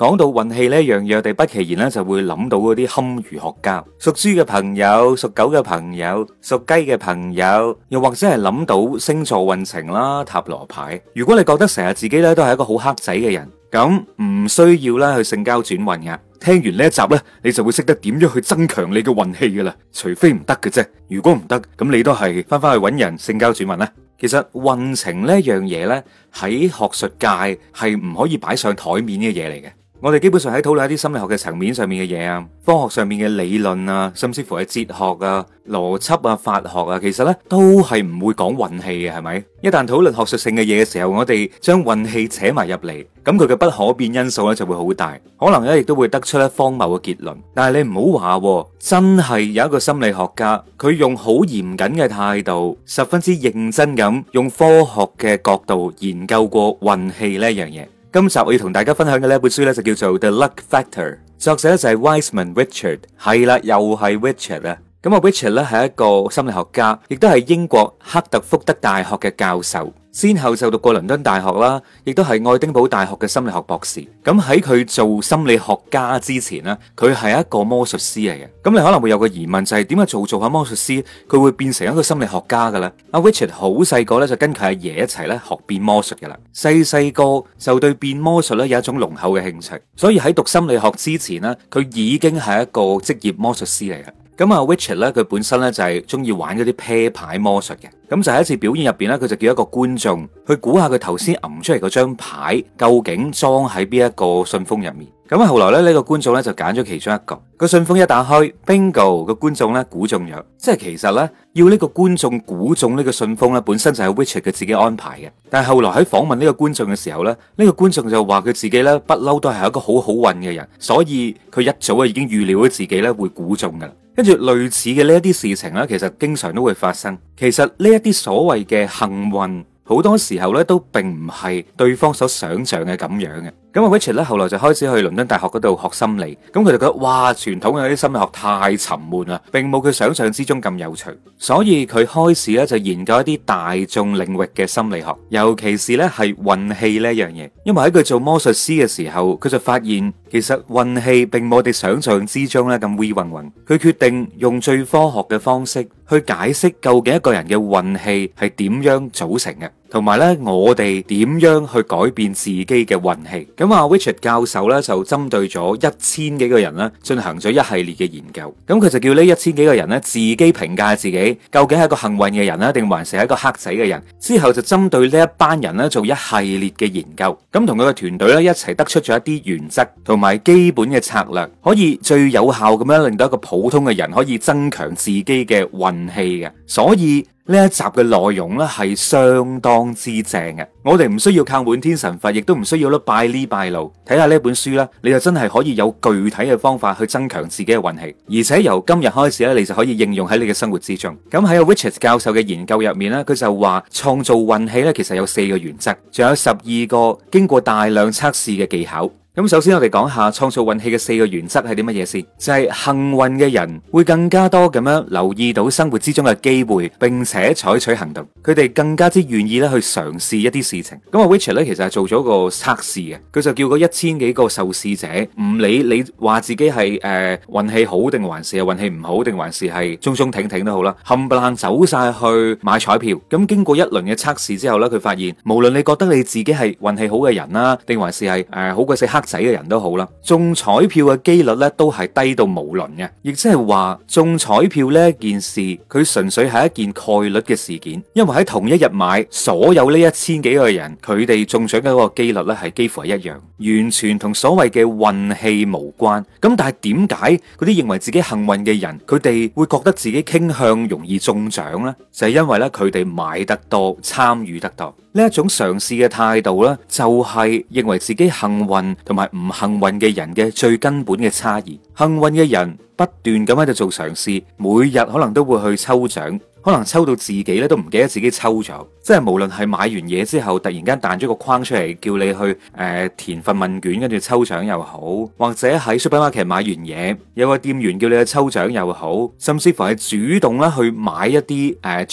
講到運氣呢樣嘢，地不其然咧，就會諗到嗰啲堪輿學家。屬豬嘅朋友、屬狗嘅朋友、屬雞嘅朋友，又或者係諗到星座運程啦、塔羅牌。如果你覺得成日自己咧都係一個好黑仔嘅人，咁唔需要啦去性交轉運噶。聽完呢一集咧，你就會識得點樣去增強你嘅運氣噶啦。除非唔得嘅啫，如果唔得，咁你都係翻翻去搵人性交轉運啦。其實運程呢樣嘢咧，喺學術界係唔可以擺上台面嘅嘢嚟嘅。我哋基本上喺討論一啲心理學嘅層面上面嘅嘢啊，科學上面嘅理論啊，甚至乎係哲學啊、邏輯啊、法學啊，其實咧都係唔會講運氣嘅，係咪？一旦討論學術性嘅嘢嘅時候，我哋將運氣扯埋入嚟，咁佢嘅不可變因素咧就會好大，可能咧亦都會得出咧荒謬嘅結論。但係你唔好話，真係有一個心理學家，佢用好嚴謹嘅態度，十分之認真咁用科學嘅角度研究過運氣呢一樣嘢。今集我要同大家分享嘅呢一本書呢就叫做《The Luck Factor》，作者就係 Wiseman Richard，係啦，又係 Richard 啊。咁啊，Richard 呢係一個心理學家，亦都係英國赫特福德大學嘅教授。先後就讀過倫敦大學啦，亦都係愛丁堡大學嘅心理學博士。咁喺佢做心理學家之前咧，佢係一個魔術師嚟嘅。咁你可能會有個疑問就係點解做做下魔術師，佢會變成一個心理學家嘅咧？阿 Richard 好細個咧就跟佢阿爺一齊咧學變魔術嘅啦。細細個就對變魔術咧有一種濃厚嘅興趣，所以喺讀心理學之前咧，佢已經係一個職業魔術師嚟嘅。咁啊，Witcher 咧，佢本身咧就係中意玩嗰啲 pair 牌魔術嘅。咁就喺一次表演入邊咧，佢就叫一個觀眾去估下佢頭先揞出嚟嗰張牌究竟裝喺邊一個信封入面。咁後來咧，呢個觀眾咧就揀咗其中一個個信封一打開，bingo！個觀眾咧估中咗。即係其實咧要呢個觀眾估中呢個信封咧，本身就係 Witcher 佢自己安排嘅。但係後來喺訪問呢個觀眾嘅時候咧，呢個觀眾就話佢自己咧不嬲都係一個好好運嘅人，所以佢一早啊已經預料到自己咧會估中噶啦。跟住類似嘅呢一啲事情咧，其實經常都會發生。其實呢一啲所謂嘅幸運，好多時候咧都並唔係對方所想像嘅咁樣嘅。咁啊 Richard 咧後來就開始去倫敦大學嗰度學心理，咁佢就覺得哇，傳統嘅啲心理學太沉悶啦，並冇佢想象之中咁有趣，所以佢開始咧就研究一啲大眾領域嘅心理學，尤其是咧係運氣呢樣嘢，因為喺佢做魔術師嘅時候，佢就發現，其實運氣並冇我哋想象之中咧咁咁啊 Richard 教授咧就針對咗一千幾個人咧進行咗一系列嘅研究。咁佢就叫呢一千幾個人咧自己評價自己，究竟係一個幸運嘅人咧，定還是係一個黑仔嘅人？之後就針對呢一班人咧做一系列嘅研究。咁同佢嘅團隊咧一齊得出咗一啲原則同埋基本嘅策略，可以最有效咁樣令到一個普通嘅人可以增強自己嘅運氣嘅。所以呢一集嘅內容咧係相當之正嘅，我哋唔需要靠滿天神佛，亦都唔需要咯拜呢拜路，睇下呢本書啦，你就真係可以有具體嘅方法去增強自己嘅運氣，而且由今日開始咧，你就可以應用喺你嘅生活之中。咁喺 Richard 教授嘅研究入面咧，佢就話創造運氣咧，其實有四個原則，仲有十二個經過大量測試嘅技巧。咁首先我哋講下創造運氣嘅四個原則係啲乜嘢先，就係幸運嘅人會更加多咁樣留意到生活之中嘅機會，並且採取行動。佢哋更加之願意咧去嘗試一啲事情。咁啊，Witcher 咧其實係做咗個測試嘅，佢就叫嗰一千幾個受試者，唔理你話自己係誒運氣好定還是啊運氣唔好定還是係中中挺挺都好啦，冚唪唥走晒去買彩票。咁經過一輪嘅測試之後咧，佢發現無論你覺得你自己係運氣好嘅人啦，定還是係誒好鬼死黑。仔嘅人都好啦，中彩票嘅幾率咧都係低到無倫嘅，亦即係話中彩票呢件事，佢純粹係一件概率嘅事件，因為喺同一日買所有呢一千幾個人，佢哋中獎嘅嗰個幾率咧係幾乎係一樣，完全同所謂嘅運氣無關。咁但係點解嗰啲認為自己幸運嘅人，佢哋會覺得自己傾向容易中獎呢？就係、是、因為咧佢哋買得多，參與得多。呢一種嘗試嘅態度咧，就係、是、認為自己幸運同埋唔幸運嘅人嘅最根本嘅差異。幸運嘅人不斷咁喺度做嘗試，每日可能都會去抽獎，可能抽到自己咧都唔記得自己抽獎。即係無論係買完嘢之後，突然間彈咗個框出嚟，叫你去誒、呃、填份問卷，跟住抽獎又好，或者喺 supermarket 買完嘢，有個店員叫你去抽獎又好，甚至乎係主動咧去買一啲誒獎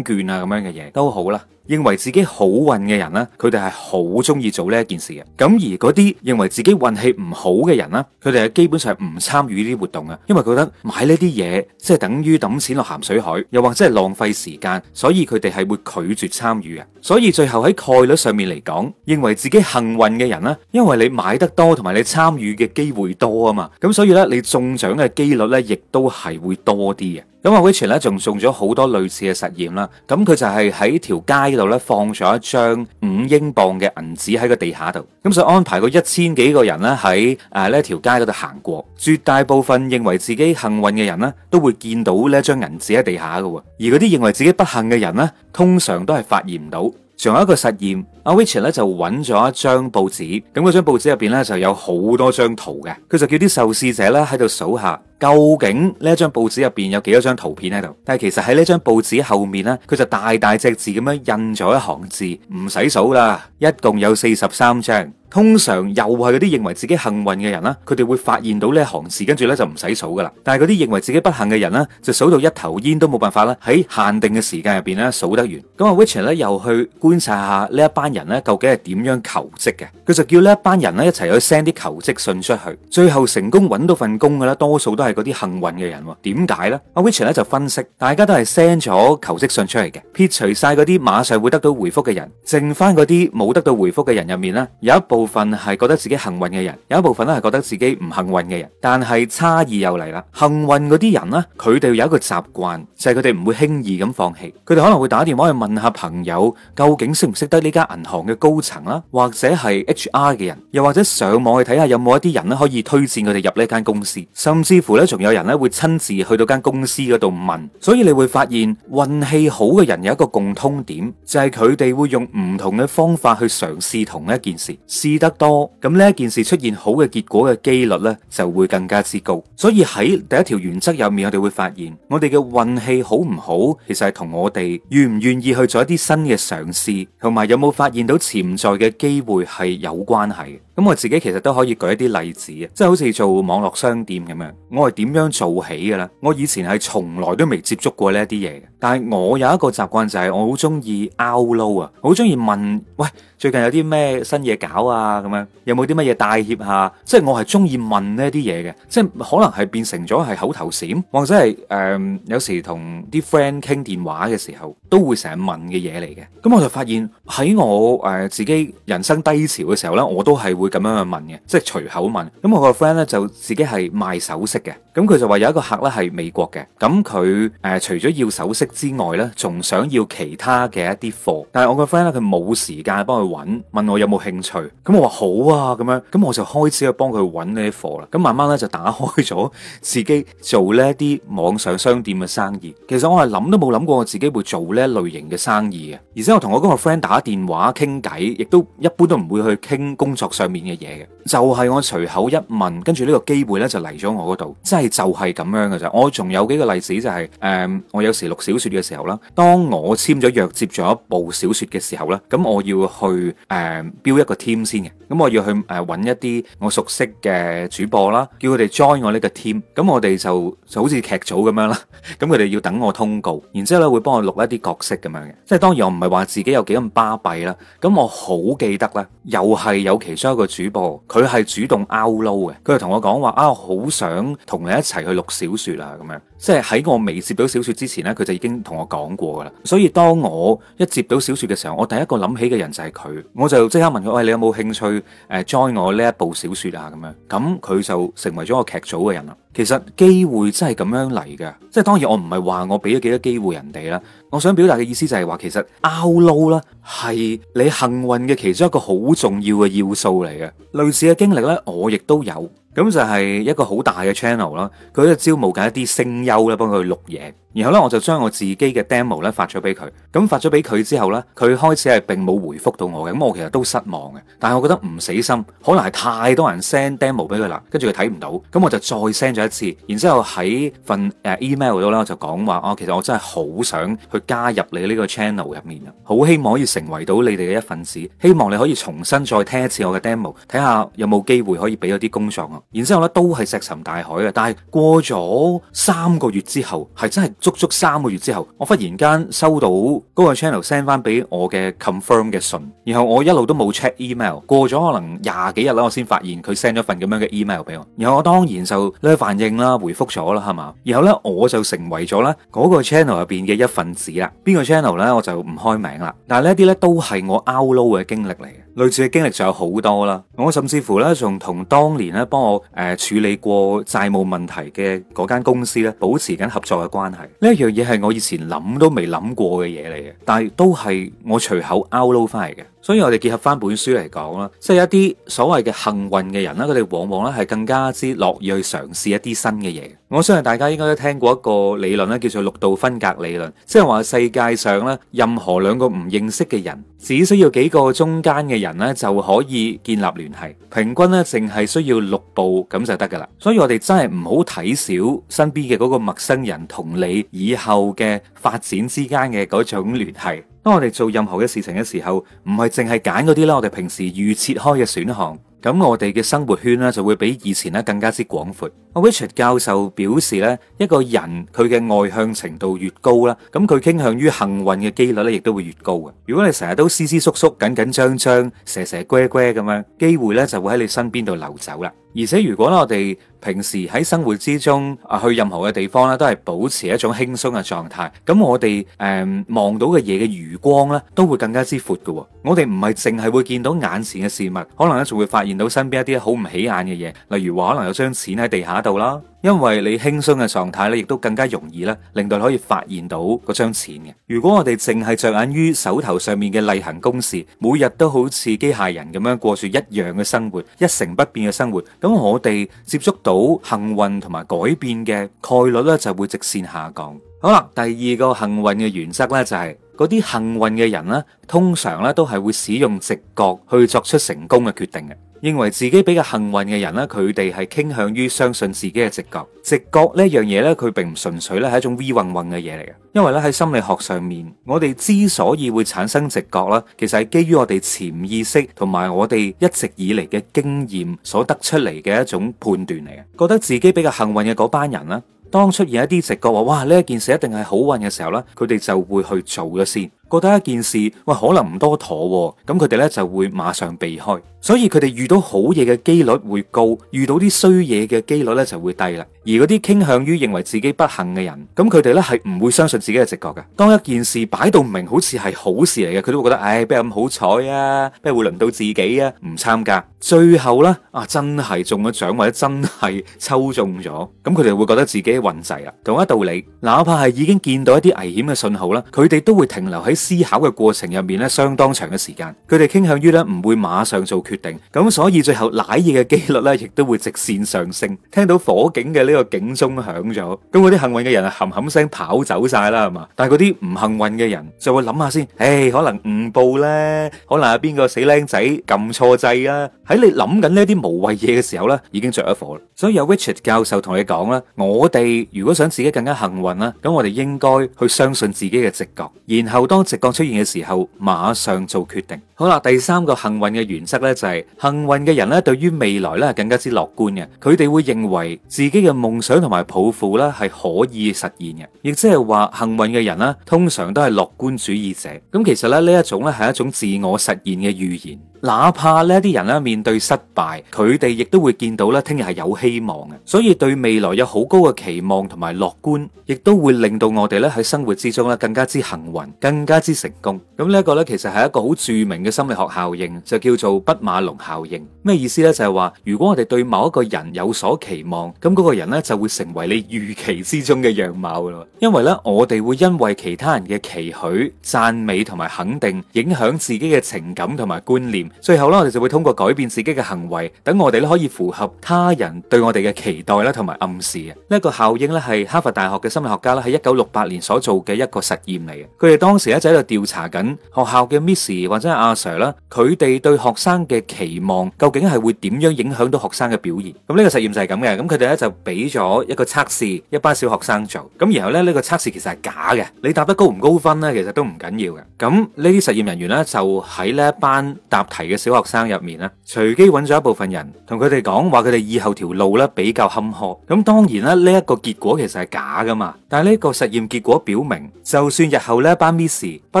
券啊咁樣嘅嘢都好啦。認為自己好運嘅人咧，佢哋係好中意做呢一件事嘅。咁而嗰啲認為自己運氣唔好嘅人咧，佢哋係基本上唔參與呢啲活動嘅，因為覺得買呢啲嘢即係等於抌錢落鹹水海，又或者係浪費時間，所以佢哋係會拒絕參與嘅。所以最後喺概率上面嚟講，認為自己幸運嘅人咧，因為你買得多同埋你參與嘅機會多啊嘛，咁所以呢，你中獎嘅幾率呢，亦都係會多啲嘅。咁阿威奇咧，仲送咗好多類似嘅實驗啦。咁佢就係喺條街度咧，放咗一張五英鎊嘅銀紙喺個地下度。咁就安排過一千幾個人咧喺啊呢一條街度行過，絕大部分認為自己幸運嘅人咧，都會見到呢一張銀紙喺地下噶。而嗰啲認為自己不幸嘅人咧，通常都係發現唔到。仲有一個實驗，阿威奇咧就揾咗一張報紙，咁嗰張報紙入邊咧就有好多張圖嘅。佢就叫啲受試者咧喺度數下。究竟呢一張報紙入邊有幾多張圖片喺度？但係其實喺呢張報紙後面呢，佢就大大隻字咁樣印咗一行字，唔使數啦。一共有四十三張。通常又係嗰啲認為自己幸運嘅人啦，佢哋會發現到呢行字，跟住呢就唔使數噶啦。但係嗰啲認為自己不幸嘅人呢，就數到一頭煙都冇辦法啦。喺限定嘅時間入邊呢，數得完。咁啊 Richard 咧又去觀察下呢一班人呢，究竟係點樣求職嘅？佢就叫呢一班人呢，一齊去 send 啲求職信出去，最後成功揾到份工噶啦，多數都係。嗰啲幸運嘅人，點解咧？阿 witch 咧就分析，大家都係 send 咗求職信出嚟嘅，撇除晒嗰啲馬上會得到回覆嘅人，剩翻嗰啲冇得到回覆嘅人入面咧，有一部分係覺得自己幸運嘅人，有一部分咧係覺得自己唔幸運嘅人。但係差異又嚟啦，幸運嗰啲人咧，佢哋有一個習慣，就係佢哋唔會輕易咁放棄，佢哋可能會打電話去問下朋友，究竟識唔識得呢間銀行嘅高層啦，或者係 HR 嘅人，又或者上網去睇下有冇一啲人咧可以推薦佢哋入呢間公司，甚至乎。咧仲有人咧會親自去到間公司嗰度問，所以你會發現運氣好嘅人有一個共通點，就係佢哋會用唔同嘅方法去嘗試同一件事，試得多，咁呢一件事出現好嘅結果嘅幾率咧就會更加之高。所以喺第一條原則入面，我哋會發現我哋嘅運氣好唔好，其實係同我哋願唔願意去做一啲新嘅嘗試，同埋有冇發現到潛在嘅機會係有關係。咁我自己其實都可以舉一啲例子啊，即係好似做網絡商店咁樣，我係點樣做起嘅咧？我以前係從來都未接觸過呢一啲嘢嘅，但係我有一個習慣就係我好中意 out loud 啊，好中意問喂。最近有啲咩新嘢搞啊？咁樣有冇啲乜嘢大協下、啊？即係我係中意問呢啲嘢嘅，即係可能係變成咗係口頭禪，或者係誒、呃、有時同啲 friend 傾電話嘅時候都會成日問嘅嘢嚟嘅。咁、嗯、我就發現喺我誒、呃、自己人生低潮嘅時候咧，我都係會咁樣去問嘅，即係隨口問。咁、嗯、我個 friend 咧就自己係賣首飾嘅，咁、嗯、佢就話有一個客咧係美國嘅，咁佢誒除咗要首飾之外咧，仲想要其他嘅一啲貨，但係我個 friend 咧佢冇時間幫佢。問問我有冇興趣，咁我話好啊，咁樣，咁我就開始去幫佢搵呢啲貨啦。咁慢慢咧就打開咗自己做呢一啲網上商店嘅生意。其實我係諗都冇諗過我自己會做呢一類型嘅生意嘅。而且我同我嗰個 friend 打電話傾偈，亦都一般都唔會去傾工作上面嘅嘢嘅。就係我隨口一問，跟住呢個機會呢就嚟咗我嗰度，真係就係咁樣嘅咋。我仲有幾個例子就係，誒，我有時錄小說嘅時候啦，當我簽咗約接咗一部小說嘅時候呢，咁我要去。去誒，build、嗯、一個 team 先嘅，咁、嗯、我要去誒搵、呃、一啲我熟悉嘅主播啦，叫佢哋 join 我呢個 team，咁、嗯、我哋就就好似劇組咁樣啦，咁佢哋要等我通告，然之後咧會幫我錄一啲角色咁樣嘅，即係當然我唔係話自己有幾咁巴閉啦，咁、嗯、我好記得啦，又係有其中一個主播，佢係主動 out load 嘅，佢就同我講話啊，好想同你一齊去錄小說啊，咁樣，即係喺我未接到小說之前咧，佢就已經同我講過噶啦，所以當我一接到小說嘅時候，我第一個諗起嘅人就係佢。佢，我就即刻問佢，喂，你有冇興趣誒 join 我呢一部小說啊？咁樣，咁佢就成為咗我劇組嘅人啦。其實機會真係咁樣嚟嘅，即係當然我唔係話我俾咗幾多機會人哋啦。我想表達嘅意思就係話，其實 outlook 啦係你幸運嘅其中一個好重要嘅要素嚟嘅。類似嘅經歷呢，我亦都有。咁就係一個好大嘅 channel 啦，佢咧招募緊一啲聲優咧，幫佢錄嘢。然後咧，我就將我自己嘅 demo 咧發咗俾佢。咁發咗俾佢之後咧，佢開始係並冇回覆到我嘅。咁我其實都失望嘅，但係我覺得唔死心，可能係太多人 send demo 俾佢啦，跟住佢睇唔到。咁我就再 send 咗一次，然之後喺份 email 度咧，我就講話，哦，其實我真係好想去加入你呢個 channel 入面啊，好希望可以成為到你哋嘅一份子。希望你可以重新再聽一次我嘅 demo，睇下有冇機會可以俾一啲工作啊？然之後咧，都係石沉大海嘅。但係過咗三個月之後，係真係。足足三個月之後，我忽然間收到嗰個 channel send 翻俾我嘅 confirm 嘅信，然後我一路都冇 check email，過咗可能廿幾日啦，我先發現佢 send 咗份咁樣嘅 email 俾我，然後我當然就呢反應啦，回覆咗啦，係嘛？然後呢，我就成為咗呢嗰個 channel 入邊嘅一份子啦。邊個 channel 呢？我就唔開名啦。但係，呢啲呢，都係我 out low 嘅經歷嚟嘅，類似嘅經歷就有好多啦。我甚至乎呢，仲同當年呢，幫我誒處理過債務問題嘅嗰間公司呢，保持緊合作嘅關係。呢一樣嘢係我以前諗都未諗過嘅嘢嚟嘅，但係都係我隨口 out 撈翻嚟嘅。所以我哋結合翻本書嚟講啦，即係一啲所謂嘅幸運嘅人啦，佢哋往往咧係更加之樂意去嘗試一啲新嘅嘢。我相信大家應該都聽過一個理論咧，叫做六度分隔理論，即係話世界上咧任何兩個唔認識嘅人，只需要幾個中間嘅人咧就可以建立聯繫，平均咧淨係需要六步咁就得噶啦。所以我哋真係唔好睇小身邊嘅嗰個陌生人同你以後嘅發展之間嘅嗰種聯繫。當我哋做任何嘅事情嘅時候，唔係淨係揀嗰啲啦。我哋平時預設開嘅選項。咁我哋嘅生活圈咧就會比以前咧更加之廣闊。阿 Richard 教授表示咧，一個人佢嘅外向程度越高啦，咁佢傾向於幸運嘅機率咧亦都會越高啊！如果你成日都思思縮縮，緊緊張張，蛇蛇龜龜咁樣，機會咧就會喺你身邊度流走啦。而且如果咧我哋平時喺生活之中啊去任何嘅地方咧，都係保持一種輕鬆嘅狀態，咁我哋誒望到嘅嘢嘅餘光咧都會更加之闊嘅。我哋唔係淨係會見到眼前嘅事物，可能咧仲會發現。見到身邊一啲好唔起眼嘅嘢，例如話可能有張錢喺地下度啦。因為你輕鬆嘅狀態咧，亦都更加容易咧，令到可以發現到嗰張錢嘅。如果我哋淨係着眼於手頭上面嘅例行公事，每日都好似機械人咁樣過住一樣嘅生活，一成不變嘅生活，咁我哋接觸到幸運同埋改變嘅概率咧，就會直線下降。好啦，第二個幸運嘅原則咧，就係嗰啲幸運嘅人咧，通常咧都係會使用直覺去作出成功嘅決定嘅。認為自己比較幸運嘅人咧，佢哋係傾向於相信自己嘅直覺。直覺呢一樣嘢咧，佢並唔純粹咧係一種 V 運運嘅嘢嚟嘅。因為咧喺心理學上面，我哋之所以會產生直覺啦，其實係基於我哋潛意識同埋我哋一直以嚟嘅經驗所得出嚟嘅一種判斷嚟嘅。覺得自己比較幸運嘅嗰班人啦，當出現一啲直覺話，哇，呢一件事一定係好運嘅時候咧，佢哋就會去做咗先。覺得一件事喂可能唔多妥，啊，咁佢哋呢就會馬上避開，所以佢哋遇到好嘢嘅幾率會高，遇到啲衰嘢嘅幾率呢就會低啦。而嗰啲傾向於認為自己不幸嘅人，咁佢哋呢係唔會相信自己嘅直覺嘅。當一件事擺到明，好似係好事嚟嘅，佢都會覺得唉，不、邊、有咁好彩啊？邊會輪到自己啊？唔參加，最後呢，啊，真係中咗獎或者真係抽中咗，咁佢哋會覺得自己運滯啦。同一道理，哪怕係已經見到一啲危險嘅信號啦，佢哋都會停留喺。思考嘅過程入面咧，相當長嘅時間，佢哋傾向於咧唔會馬上做決定，咁所以最後瀨嘢嘅幾率咧，亦都會直線上升。聽到火警嘅呢個警鐘響咗，咁嗰啲幸運嘅人啊，冚冚聲跑走晒啦，係嘛？但係嗰啲唔幸運嘅人就會諗下先，誒，可能誤報咧，可能係邊個死僆仔撳錯掣啊。喺你諗緊呢一啲無謂嘢嘅時候咧，已經着咗火啦。所以有 Richard 教授同你講啦，我哋如果想自己更加幸運啦，咁我哋應該去相信自己嘅直覺，然後當直覺出現嘅時候，馬上做決定。好啦，第三個幸運嘅原則咧，就是，就係幸運嘅人咧，對於未來咧係更加之樂觀嘅。佢哋會認為自己嘅夢想同埋抱負咧係可以實現嘅，亦即係話幸運嘅人咧，通常都係樂觀主義者。咁其實咧呢一種咧係一種自我實現嘅預言。哪怕呢啲人咧面對失敗，佢哋亦都會見到咧，聽日係有希望嘅，所以對未來有好高嘅期望同埋樂觀，亦都會令到我哋咧喺生活之中咧更加之幸運，更加之成功。咁呢個呢其實係一個好著名嘅心理學效應，就叫做不馬龍效應。咩意思呢？就係話，如果我哋對某一個人有所期望，咁嗰個人呢就會成為你預期之中嘅樣貌咯。因為呢，我哋會因為其他人嘅期許、讚美同埋肯定，影響自己嘅情感同埋觀念。最後啦，我哋就會通過改變自己嘅行為，等我哋咧可以符合他人對我哋嘅期待啦，同埋暗示啊。呢一個效應咧係哈佛大學嘅心理學家啦喺一九六八年所做嘅一個實驗嚟嘅。佢哋當時咧就喺度調查緊學校嘅 Miss 或者阿 Sir 啦，佢哋對學生嘅期望究竟係會點樣影響到學生嘅表現？咁呢個實驗就係咁嘅。咁佢哋咧就俾咗一個測試一班小學生做，咁然後咧呢，呢個測試其實係假嘅，你答得高唔高分呢？其實都唔緊要嘅。咁呢啲實驗人員咧就喺呢一班答，提嘅小學生入面咧，隨機揾咗一部分人，同佢哋講話，佢哋以後條路咧比較坎坷。咁當然啦，呢一個結果其實係假噶嘛。但係呢個實驗結果表明，就算日後呢班 Miss 不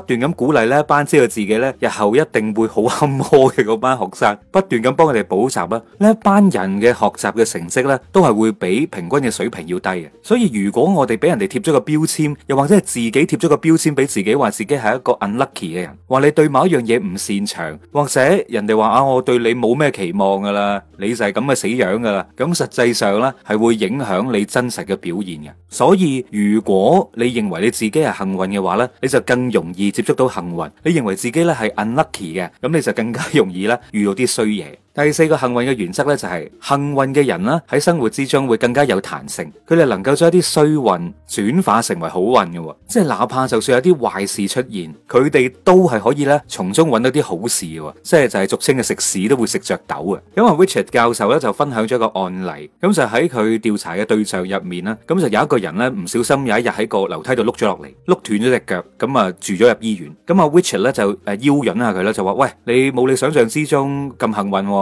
斷咁鼓勵呢一班知道自己咧日後一定會好坎坷嘅嗰班學生，不斷咁幫佢哋補習啦，呢一班人嘅學習嘅成績咧都係會比平均嘅水平要低嘅。所以如果我哋俾人哋貼咗個標籤，又或者係自己貼咗個標籤俾自己，話自己係一個 unlucky 嘅人，話你對某一樣嘢唔擅長或者人哋話啊，我對你冇咩期望噶啦，你就係咁嘅死樣噶啦。咁實際上呢，係會影響你真實嘅表現嘅。所以如果你認為你自己係幸運嘅話呢，你就更容易接觸到幸運；你認為自己呢係 unlucky 嘅，咁你就更加容易呢遇到啲衰嘢。第四個幸運嘅原則咧、就係，就係幸運嘅人啦，喺生活之中會更加有彈性，佢哋能夠將一啲衰運轉化成為好運嘅、哦，即係哪怕就算有啲壞事出現，佢哋都係可以咧從中揾到啲好事嘅、哦，即係就係俗稱嘅食屎都會食着豆啊！咁阿 Richard 教授咧就分享咗一個案例，咁就喺佢調查嘅對象入面啦，咁就有一個人咧唔小心有一日喺個樓梯度碌咗落嚟，碌斷咗隻腳，咁啊住咗入醫院，咁啊 Richard 咧就誒邀引下佢啦，就話、呃、喂你冇你想象之中咁幸運喎、哦。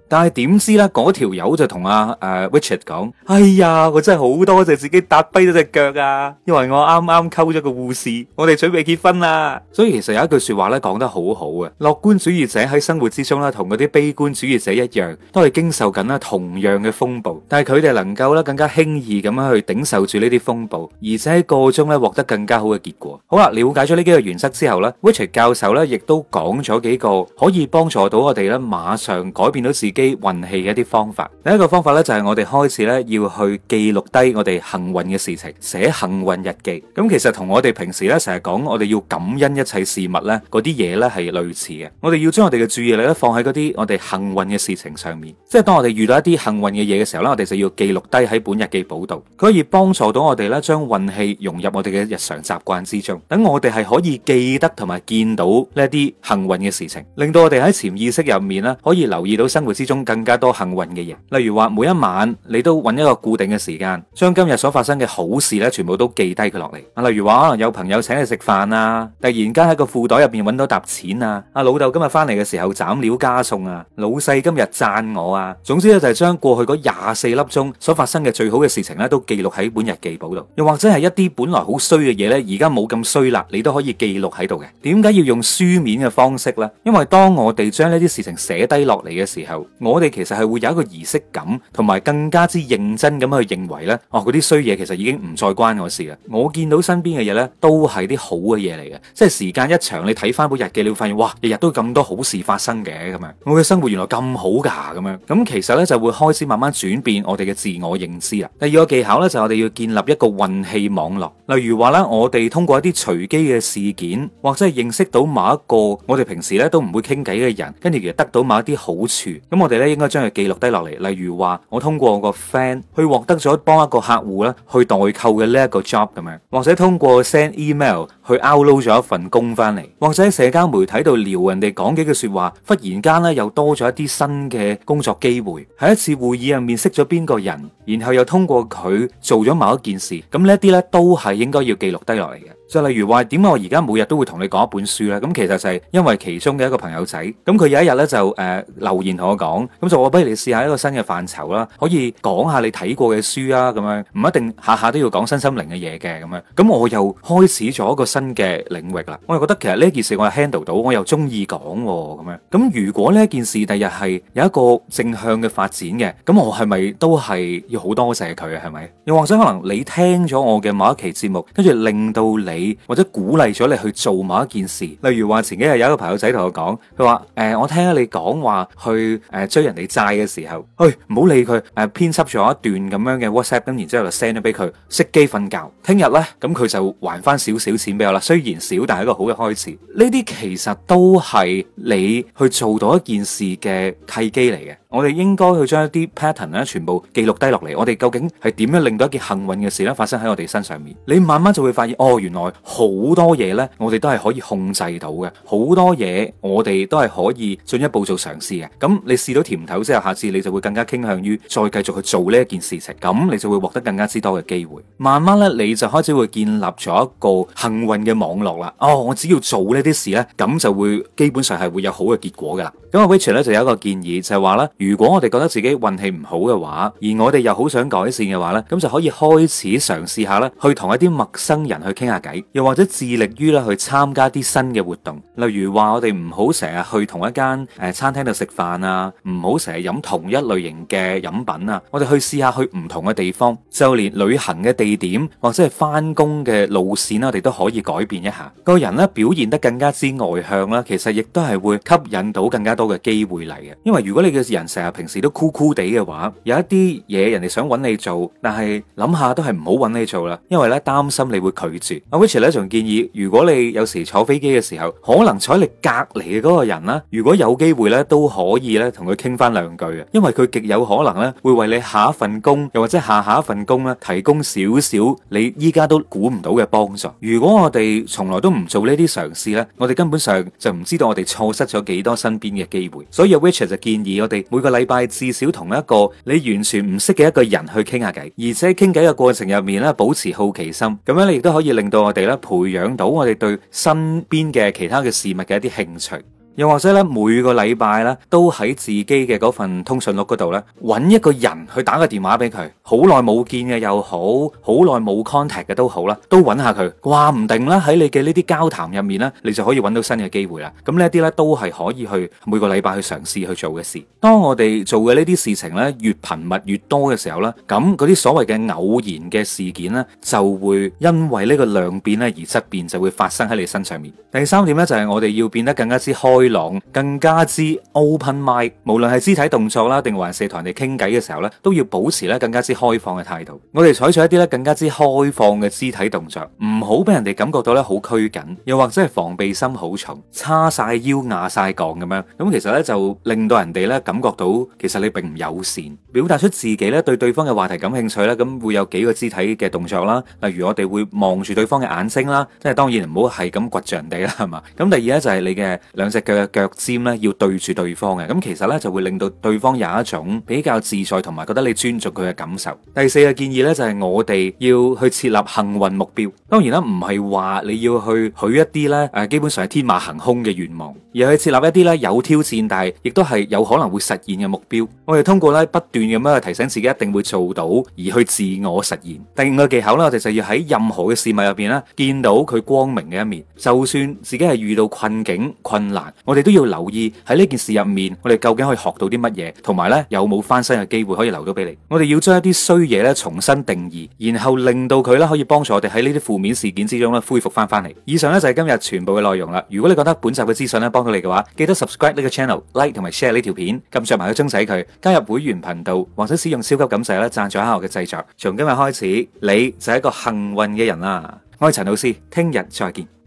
但係點知咧？嗰條友就同阿誒 Richard 講，哎呀，我真係好多謝自己搭跛咗隻腳啊！因為我啱啱溝咗個護士，我哋準備結婚啦。所以其實有一句說話咧，講得好好啊！樂觀主義者喺生活之中咧，同嗰啲悲觀主義者一樣，都係經受緊咧同樣嘅風暴，但係佢哋能夠咧更加輕易咁樣去頂受住呢啲風暴，而且喺個中咧獲得更加好嘅結果。好啦，了解咗呢幾個原則之後咧，Richard 教授咧亦都講咗幾個可以幫助到我哋咧，馬上改變到自己，運氣嘅一啲方法，另一個方法咧就係我哋開始咧要去記錄低我哋幸運嘅事情，寫幸運日記。咁其實同我哋平時咧成日講我哋要感恩一切事物咧，嗰啲嘢咧係類似嘅。我哋要將我哋嘅注意力咧放喺嗰啲我哋幸運嘅事情上面，即係當我哋遇到一啲幸運嘅嘢嘅時候咧，我哋就要記錄低喺本日記簿度，佢可以幫助到我哋咧將運氣融入我哋嘅日常習慣之中。等我哋係可以記得同埋見到呢一啲幸運嘅事情，令到我哋喺潛意識入面咧可以留意到生活之中中更加多幸運嘅嘢，例如話每一晚你都揾一個固定嘅時間，將今日所發生嘅好事咧，全部都記低佢落嚟。啊，例如話可能有朋友請你食飯啊，突然間喺個褲袋入邊揾到沓錢啊，阿老豆今日翻嚟嘅時候斬料加送啊，老細今日讚、啊、我啊，總之呢，就係將過去嗰廿四粒鐘所發生嘅最好嘅事情咧，都記錄喺本日記簿度。又或者係一啲本來好衰嘅嘢呢，而家冇咁衰啦，你都可以記錄喺度嘅。點解要用書面嘅方式呢？因為當我哋將呢啲事情寫低落嚟嘅時候，我哋其實係會有一個儀式感，同埋更加之認真咁去認為呢，哦嗰啲衰嘢其實已經唔再關我事喇。我見到身邊嘅嘢呢，都係啲好嘅嘢嚟嘅。即係時間一長，你睇翻本日記，你會發現哇，日日都咁多好事發生嘅咁樣。我嘅生活原來咁好㗎咁樣。咁其實呢，就會開始慢慢轉變我哋嘅自我認知啊。第二個技巧呢，就係、我哋要建立一個運氣網絡，例如話呢，我哋通過一啲隨機嘅事件，或者係認識到某一個我哋平時呢都唔會傾偈嘅人，跟住其實得到某一啲好處，咁我。我哋咧應該將佢記錄低落嚟，例如話我通過我個 friend 去獲得咗幫一個客戶咧去代購嘅呢一個 job 咁樣，或者通過 send email 去 out 撈咗一份工翻嚟，或者喺社交媒體度撩人哋講幾句說話，忽然間咧又多咗一啲新嘅工作機會，喺一次會議入面識咗邊個人，然後又通過佢做咗某一件事，咁呢一啲咧都係應該要記錄低落嚟嘅。就例如話點解我而家每日都會同你講一本書呢？咁其實就係因為其中嘅一個朋友仔，咁佢有一日咧就誒、呃、留言同我講，咁就我不如你試下一個新嘅範疇啦，可以講下你睇過嘅書啊，咁樣唔一定下下都要講身心靈嘅嘢嘅咁樣。咁我又開始咗一個新嘅領域啦。我又覺得其實呢件事我係 handle 到，我又中意講喎咁樣。咁如果呢件事第日係有一個正向嘅發展嘅，咁我係咪都係要好多謝佢啊？係咪？又或者可能你聽咗我嘅某一期節目，跟住令到你。或者鼓勵咗你去做某一件事，例如話前幾日有一個朋友仔同我講，佢話誒，我聽下你講話去誒、呃、追人哋債嘅時候，去唔好理佢，誒編輯咗一段咁樣嘅 WhatsApp，咁然之後就 send 咗俾佢，熄機瞓覺。聽日呢，咁佢就還翻少少錢俾我啦，雖然少，但係一個好嘅開始。呢啲其實都係你去做到一件事嘅契機嚟嘅。我哋應該去將一啲 pattern 咧全部記錄低落嚟。我哋究竟係點樣令到一件幸運嘅事咧發生喺我哋身上面？你慢慢就會發現，哦，原來好多嘢呢，我哋都係可以控制到嘅。好多嘢我哋都係可以進一步做嘗試嘅。咁你試到甜頭之後，下次你就會更加傾向於再繼續去做呢一件事情。咁你就會獲得更加之多嘅機會。慢慢呢，你就開始會建立咗一個幸運嘅網絡啦。哦，我只要做呢啲事呢，咁就會基本上係會有好嘅結果噶啦。咁阿 Richard 咧就有一個建議，就係話呢。如果我哋覺得自己運氣唔好嘅話，而我哋又好想改善嘅話呢，咁就可以開始嘗試下啦，去同一啲陌生人去傾下偈，又或者致力於咧去參加啲新嘅活動。例如話，我哋唔好成日去同一間誒餐廳度食飯啊，唔好成日飲同一類型嘅飲品啊。我哋去試下去唔同嘅地方，就連旅行嘅地點或者係返工嘅路線啦，我哋都可以改變一下。個人咧表現得更加之外向啦，其實亦都係會吸引到更加多嘅機會嚟嘅。因為如果你嘅人，成日平時都酷酷地嘅話，有一啲嘢人哋想揾你做，但係諗下都係唔好揾你做啦，因為咧擔心你會拒絕。阿 Witch 咧仲建議，如果你有時坐飛機嘅時候，可能坐你隔籬嘅嗰個人啦，如果有機會咧，都可以咧同佢傾翻兩句啊，因為佢極有可能咧會為你下一份工，又或者下下一份工咧提供少少你依家都估唔到嘅幫助。如果我哋從來都唔做呢啲嘗試咧，我哋根本上就唔知道我哋錯失咗幾多身邊嘅機會。所以阿 Witch 就建議我哋每每個禮拜至少同一個你完全唔識嘅一個人去傾下偈，而且傾偈嘅過程入面咧，保持好奇心，咁樣你亦都可以令到我哋咧培養到我哋對身邊嘅其他嘅事物嘅一啲興趣。又或者咧，每個禮拜咧，都喺自己嘅嗰份通訊錄嗰度咧，揾一個人去打個電話俾佢，好耐冇見嘅又好，好耐冇 contact 嘅都好啦，都揾下佢，話唔定啦，喺你嘅呢啲交談入面咧，你就可以揾到新嘅機會啦。咁呢一啲咧，都係可以去每個禮拜去嘗試去做嘅事。當我哋做嘅呢啲事情咧，越頻密越多嘅時候咧，咁嗰啲所謂嘅偶然嘅事件咧，就會因為呢個量變咧而質變，就會發生喺你身上面。第三點咧，就係我哋要變得更加之開開朗，更加之 open mind，無論係肢體動作啦，定還是同人哋傾偈嘅時候咧，都要保持咧更加之開放嘅態度。我哋採取一啲咧更加之開放嘅肢體動作，唔好俾人哋感覺到咧好拘謹，又或者係防備心好重，叉晒腰、壓晒杠咁樣。咁其實咧就令到人哋咧感覺到，其實你并唔友善，表達出自己咧對對方嘅話題感興趣啦。咁會有幾個肢體嘅動作啦，例如我哋會望住對方嘅眼睛啦，即係當然唔好係咁掘住人哋啦，係嘛。咁第二咧就係你嘅兩隻腳。嘅腳尖咧要對住對方嘅，咁其實咧就會令到對方有一種比較自在同埋覺得你尊重佢嘅感受。第四個建議咧就係我哋要去設立幸運目標，當然啦唔係話你要去許一啲咧誒，基本上係天馬行空嘅願望，而係設立一啲咧有挑戰但係亦都係有可能會實現嘅目標。我哋通過咧不斷咁樣去提醒自己一定會做到，而去自我實現。第五個技巧咧我哋就要喺任何嘅事物入邊咧見到佢光明嘅一面，就算自己係遇到困境困難，我哋都要留意喺呢件事入面，我哋究竟可以學到啲乜嘢，同埋呢有冇翻身嘅機會可以留到俾你。我哋要將一啲衰嘢咧重新定義，然後令到佢啦可以幫助我哋喺呢啲負面事件之中咧恢復翻翻嚟。以上呢就係今日全部嘅內容啦。如果你覺得本集嘅資訊咧幫到你嘅話，記得 subscribe 呢個 channel、like 同埋 share 呢條片，撳着埋個鐘仔佢，加入會員頻道或者使用超級感謝咧贊助一下我嘅製作。從今日開始，你就係一個幸運嘅人啦。我係陳老師，聽日再見。